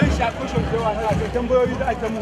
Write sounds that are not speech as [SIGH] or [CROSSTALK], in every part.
zai sha kushin cewa na da tambayoyi da ake mu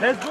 Let's go,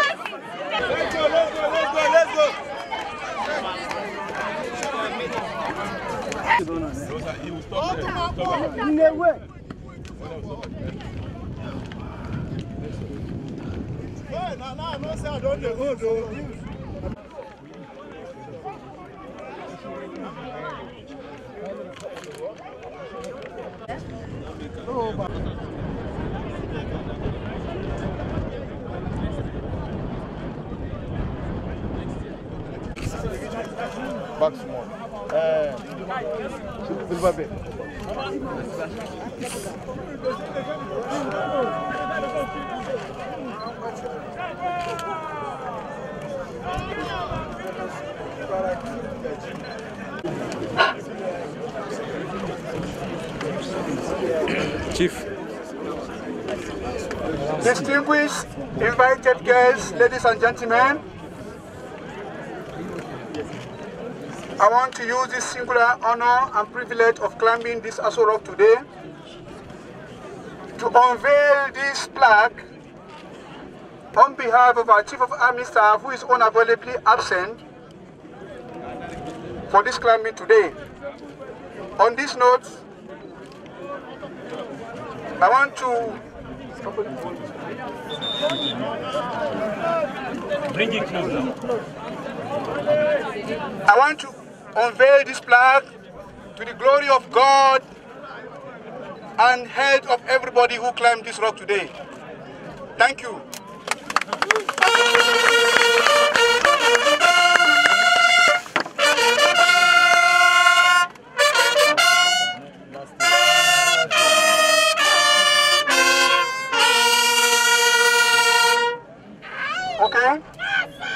Box one. É. Ele vai ver. Chief. Distinguished invited guests, ladies and gentlemen, I want to use this singular honor and privilege of climbing this Aso Rock today to unveil this plaque on behalf of our Chief of Army Staff, who is unavoidably absent for this climate today. On this note, I want to bring it closer. I want to unveil this plaque to the glory of God and head of everybody who climbed this rock today. Thank you. Okay.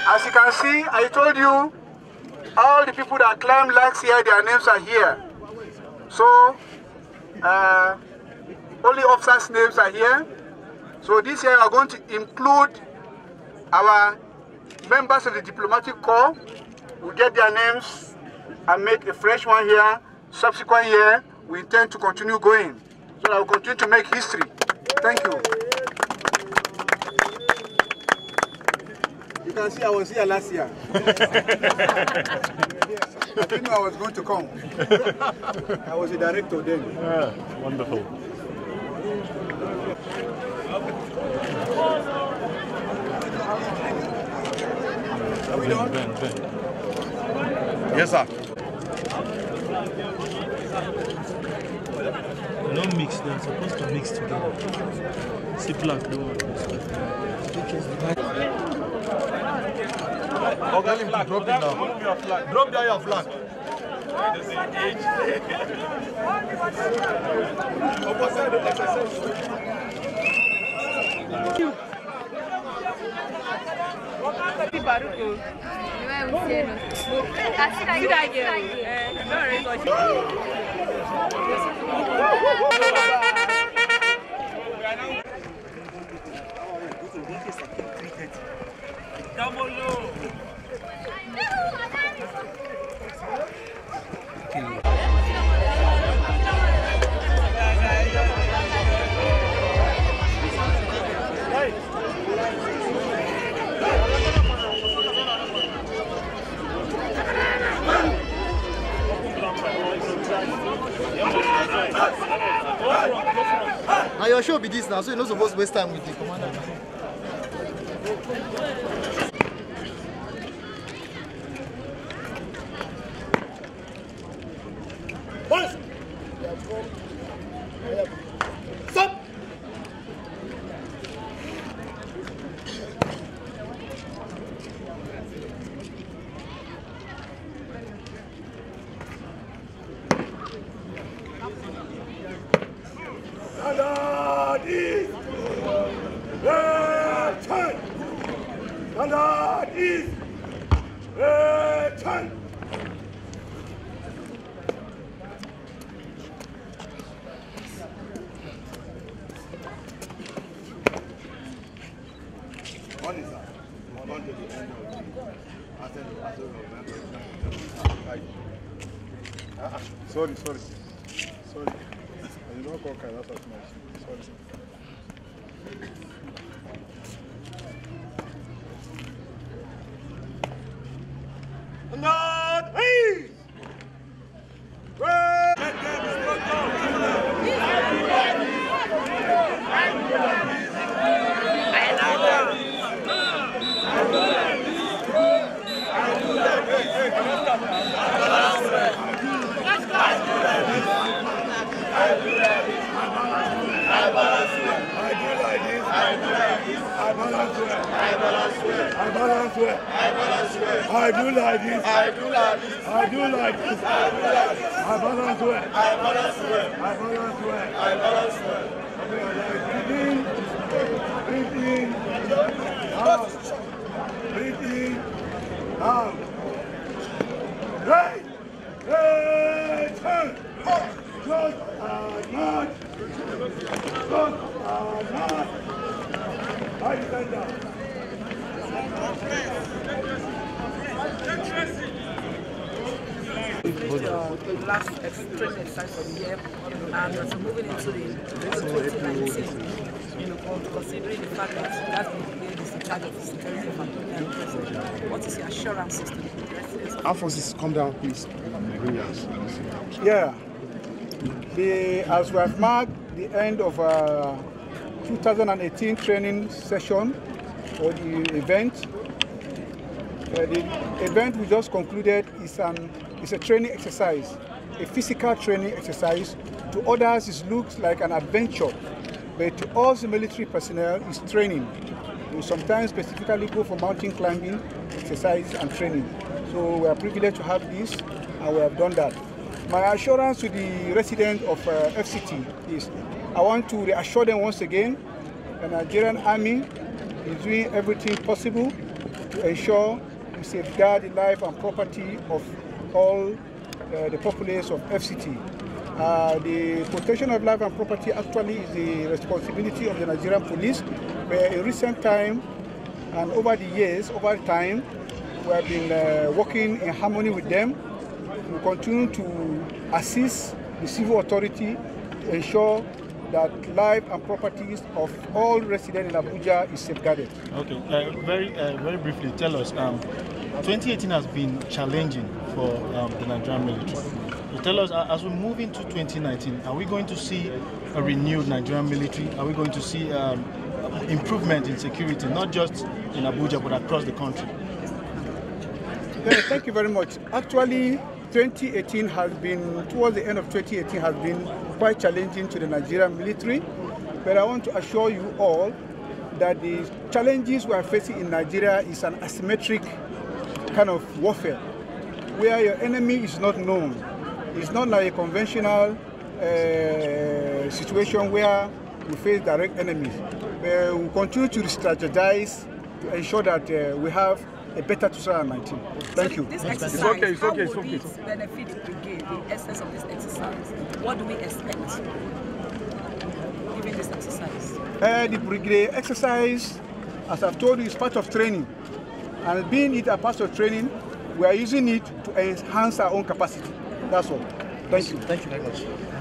As you can see, I told you, all the people that climb lags here, their names are here. So, uh, only officers' names are here. So this year we are going to include our members of the diplomatic corps will get their names and make a fresh one here. Subsequent year, we intend to continue going. So I will continue to make history. Thank you. You can see I was here last year. [LAUGHS] I didn't know I was going to come. [LAUGHS] I was a director then. Ah, wonderful. Are we done? Yes, sir. Don't mix, they're supposed to mix together. See black, do Okay, flag. drop it now. Drop down your flag. Copy Baruco. Não é um sino. A Ciragueiro. Ciragueiro. É, adorei, gosto. Dá uma olhada. na your show be this now so you no suppose waste time with the commander Standard ist Return. Ah, sorry, sorry. Sorry. I did not conquer that as much. Sorry. this. I do like this. I do like this. I do like this. I do like this. I balance well. I balance well. I balance well. I balance well. Breathe in. Breathe in. Out. Breathe in. Out. Right. Right. Turn. Just a notch. Just a notch. Right, stand down. Thank you. Uh, the last extreme exercise of the year and as moving into the 2019, you know, considering the fact that that brigade is in charge of security of and what is your assurance system? Alphonse, come down, please. Yeah. The, as we have marked the end of our uh, 2018 training session or the event, uh, the event we just concluded is, an, um, is a training exercise, a physical training exercise. To others, it looks like an adventure, but to us, the military personnel, is training. We sometimes specifically go for mountain climbing, exercise, and training. So we are privileged to have this, and we have done that. My assurance to the residents of uh, FCT is I want to reassure them once again the Nigerian Army is doing everything possible to ensure to safeguard the life and property of all uh, the populace of FCT. Uh, the protection of life and property actually is the responsibility of the Nigerian police, where in recent time and over the years, over time, we have been uh, working in harmony with them. We continue to assist the civil authority to ensure that life and properties of all residents in Abuja is safeguarded. Okay, uh, very uh, very briefly, tell us. Um, 2018 has been challenging for um, the Nigerian military. So tell us, uh, as we move into 2019, are we going to see a renewed Nigerian military? Are we going to see um, improvement in security, not just in Abuja but across the country? Yeah, thank you very much. Actually, 2018 has been, towards the end of 2018 has been quite challenging to the Nigerian military. But I want to assure you all that the challenges we are facing in Nigeria is an asymmetric kind of warfare, where your enemy is not known. It's not like a conventional uh, situation where we face direct enemies. we continue to strategize to ensure that uh, we have a better 2019. Thank so you. This exercise, it's okay, it's okay, it's okay. How would it benefit to brigade, the essence of this exercise? What do we expect given this exercise? Uh, the brigade exercise, as I've told you, is part of training. And being it a part of training, we are using it to enhance our own capacity. That's all. Thank you. Thank you very much.